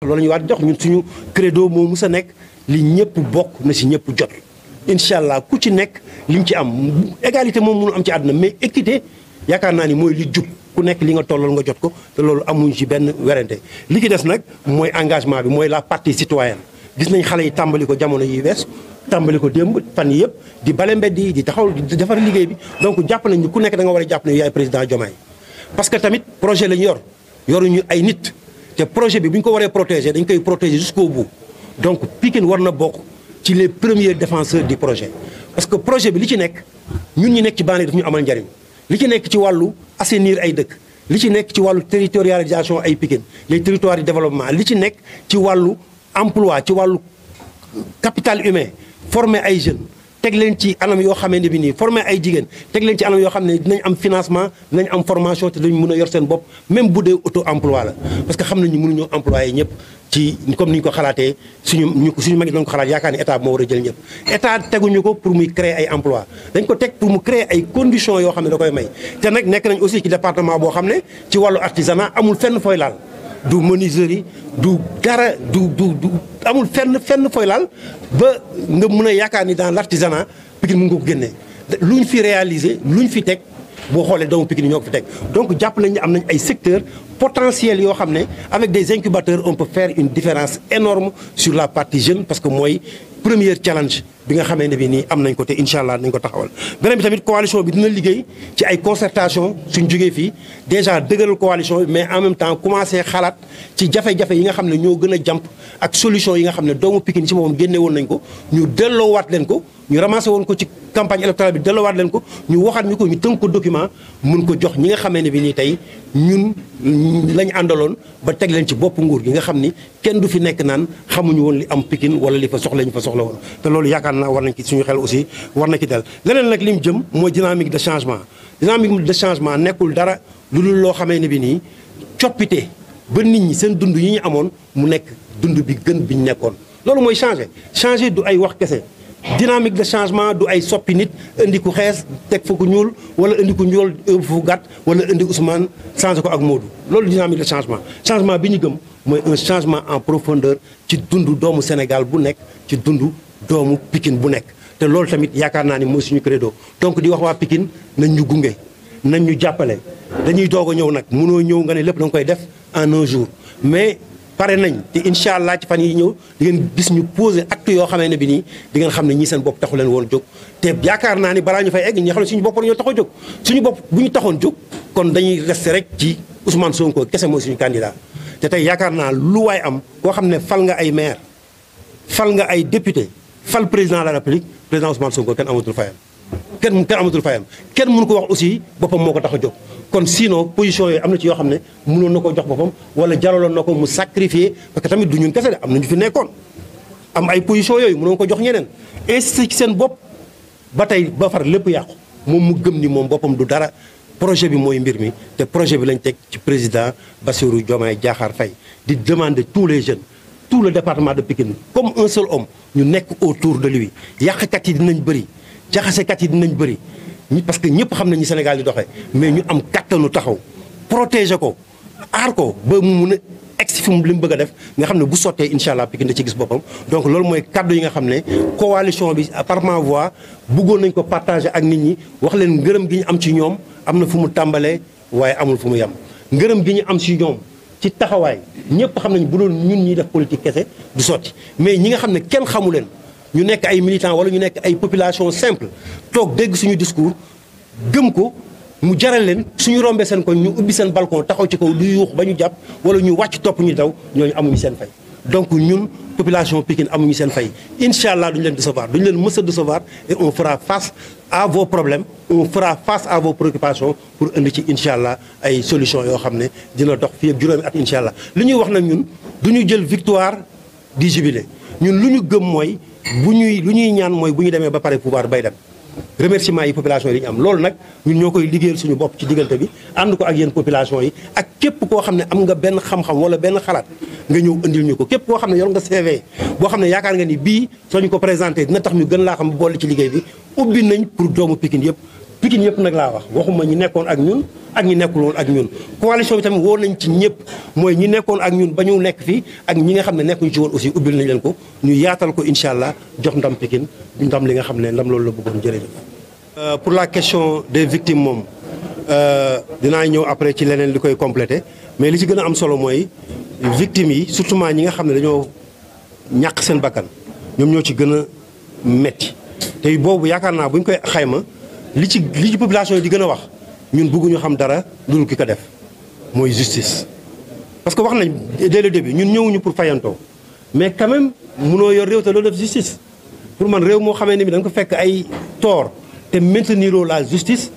loolu ñu waat jox ñun suñu credo moo mus a nekk li ñëpp bokk na si ñëpp jot incha allah ku ci nekk liñ ci am égalité moom mënu am ci àdduna mais équité yaakaar naa ni mooy li jub ku nekk li nga tollool nga jot ko te loolu amuñ ci benn werante li ki des nag mooy engagement bi mooy la partie citoyenne gis nañ xale yi tàmbali ko jamono yi wees tàmbali ko démb fan yëpp di bale mbedd yi di taxaw di liggéey bi donc jàpp nañ ku nekk danga nga war a jàpp ne yaay président Diomaye parce que tamit projet lañu yor yoruñu ay nit Le projet bi bu ko protéger dañ koy protéger jusqu'au bout donc Pikine war na bokk ci les premiers défenseurs du projet. parce que projet bi li ci nekk ñun ñi nekk ci bànn daf ñu amal njariñ li ci nekk ci wàllu assainir ay li ci ci territorialisation ay Pikine les territoires de développement li ci nekk ci wàllu emploi ci wàllu capital humain former ay jeunes teg leen ci anam yo xamee ne bi nii former ay jigéen teg leen ci anam yo xamné dinañ am financement dinañ am formation té dañ mëna yor sen bop même bu dee auto emploi la parce que xamnañ xam mënu ñu employé ñëpp ci comme ni ko xalaté suñu ñu suñu magi doon ko xalaat yaakaani état mo wara jël ñëpp état teguñu ko pour muy créer ay emploi dañ ko teg pour mu créer ay conditions yo xamné da koy may té nak nek nañ aussi ci département bo xamné ci walu artisanat amul fenn fooy laal du menuiserie du gara du du du amul fenn fenn fooy lal ba nga mën a dans l'artisanat artisanat Pikine mu ngi ko guenné luñ fi réaliser luñ fi teg boo xoolee doomu Pikine ñoo fi tek donc japp nañ am nañ ay secteurs potentiel yo xamné avec des incubateurs on peut faire une différence énorme sur la partie jeune parce que moi premier challenge bi nga xamee ni côté, am nañ ko té inshallah nañ ko taxawal. bi tamit coalition bi dina liggéey ci ay concertation suñ jógee fi déjà dëgëral coalition mais en même temps commencer xalat ci jafé jafé yi nga xamné ne ñoo jump, a ak solution yi nga xamné doomu Pikine ci mom génné won nañ ko ñu wat leen ko ñu ramassé won ko ci campagne électorale bi wat leen ko ñu waxat ñu ko ñu tënk ko document mën ko jox ñi nga xamee bi ñun lañ andalon ba tegg leen ci bopp nguur gi nga xam ni kenn du fi nekk naan xamuñu woon li am pikin wala li fa soxla ñu fa soxla woon te loolu yaakaar naa war nañ ci suñu xel aussi war na ci del leneen nag lim jëm mooy dynamique de changement dynamique de changement nekkul dara lu dul loo xamee ni bi nii coppite ba nit ñi seen dund yi ñu amoon mu nekk dund bi gën biñ nekkoon loolu mooy changer changer du ay wax kese dynamique de changement du ay soppi nit indi ko xees tek fa ku ñuul wala indi ko ñuul fu gat wala indi Ousmane changé ko ak Modou lolu dynamique de changement changement bi ñu gëm moy un changement en profondeur ci dundu doomu Sénégal bu nek ci dundu doomu Pikine bu nek te lolu tamit yaakaar naa ni suñu credo donc di wax wa Pikine nañ ñu gungé nañ ñu jappalé dañuy doog ñew nak mëno ñew nga ne lepp da koy def en un jour mais pare nañ te incha allah ci fan yi ñëw di ngeen gis ñu posé acte yoo xamee ne bi nii di ngeen xam ne ñii seen bopp taxu leen woon jóg te yaakaar naa ni balaa ñu fay egg ñi xam ne suñu bopp suñu bopp bu ñu taxoon jóg kon dañuy resté rek ci Ousmane Sonko kese mooy suñu candidat te tey yaakaar naa lu waay am koo xam ne fal nga ay maire fal nga ay député fal président de la république président Ousmane Sonko kenn amatul fayam kenn kenn amatul fayam kenn mënu ko wax aussi Bopam Moko ko tax kon sinon position yooyu am na ci yoo xam ne mënoon na koo wala mu sacrifier parce que tamit du Kassel, kese de am ñu fi nekkoon am ay position yooyu mënoon ko jox ñeneen insisté ci sen bop batay ba far lepp yàqu mom mu gëm ni mom bopam du dara projet bi moy mbir mi te projet bi lañ tek ci président Bassirou Diomaye Diakhar Faye di demander tous les jeunes tout le département de Pikine comme un seul homme ñu nekk autour de lui yàqkat yi dinañ bëri jaxasekat yi dinañ bëri parce que ñëpp xam nañu Sénégal di doxee mais ñu am kattanu taxaw protéger ko aar ko ba mu mun a egsi fi mu li mu bëgg a def nga xam ne bu sottee incha allah Pikine da ci gis boppam donc loolu mooy kaddu yi nga xam ne coalition bi par ma bëggoon nañ ko partager ak nit ñi wax leen ngërëm gi ñu am ci ñoom am na fu mu tàmbalee waaye amul fu mu yem ngërëm gi ñu am si ñoom ci taxawaay ñëpp xam nañ bu doon ñun ñuy def politique kese du sotti mais ñi nga xam ne kenn xamu leen Nous sommes ay militants wala ñu nekk ay population simple toog dégg suñu discours gëm ko mu jaral leen suñu ko ñu ubbi balcon taxaw ci kaw du yuux ba ñu wala ñu ñu daw donc ñun population Pikine amuñu seen fay incha duñu leen décevoir duñu leen et on fera face à vos problèmes on fera face à vos préoccupations pour indi ci incha solutions yoo ne dina dox fii ak juróomi at du victoire di jubilé. ñun lu ñu gëm mooy bu ñuy lu ñuy ñaan mooy bu ñu demee ba pare pouvoir bay dem remerciement yi population yi ñu am loolu nag ñun ñoo koy liggéeyal suñu bopp ci diggante bi ànd ko ak yéen population yi ak képp koo xam ne am nga benn xam-xam wala benn xalaat nga ñëw indi ñu ko képp koo xam ne yor nga CV boo xam ne yaakaar nga ni bii soo ñu ko présenté dina tax ñu gën laa xam boole ci liggéey bi ubbi nañ pour doomu Pikine yëpp Pikine yëpp nag laa wax waxuma ñi nekkoon ak ñun ak ñi nekkuloon ak ñun coalition bi tamit woo nañ ci ñëpp mooy ñi nekkoon ak ñun ba ñu nekk fii ak ñi nga xam ne nekkuñu ci woon aussi ubbil nañ leen ko ñu yaatal ko incha allah jox ndam Pikine ndam li nga xam ne ndam loolu la bëggoon jërëjëf. Euh, pour la question des victimes moom euh, dinaa ñëw après ci leneen li koy complété mais li ci gën a am solo mooy victimes yi surtout ñi nga xam ne dañoo ñàq seen bakkan ñoom ñoo ci gën a metti te boobu yaakaar naa buñ koy xayma. li ci li ci population yi di gën a wax ñun bëgguñu xam dara loolu ki ko def mooy justice. parce que wax nañ dès le début ñun ñëwuñu pour fayantoo mais quand même munoo yor réew te loolu def justice pour man réew moo xamee ne bi da nga ko fekk ay tort te maintenir la justice.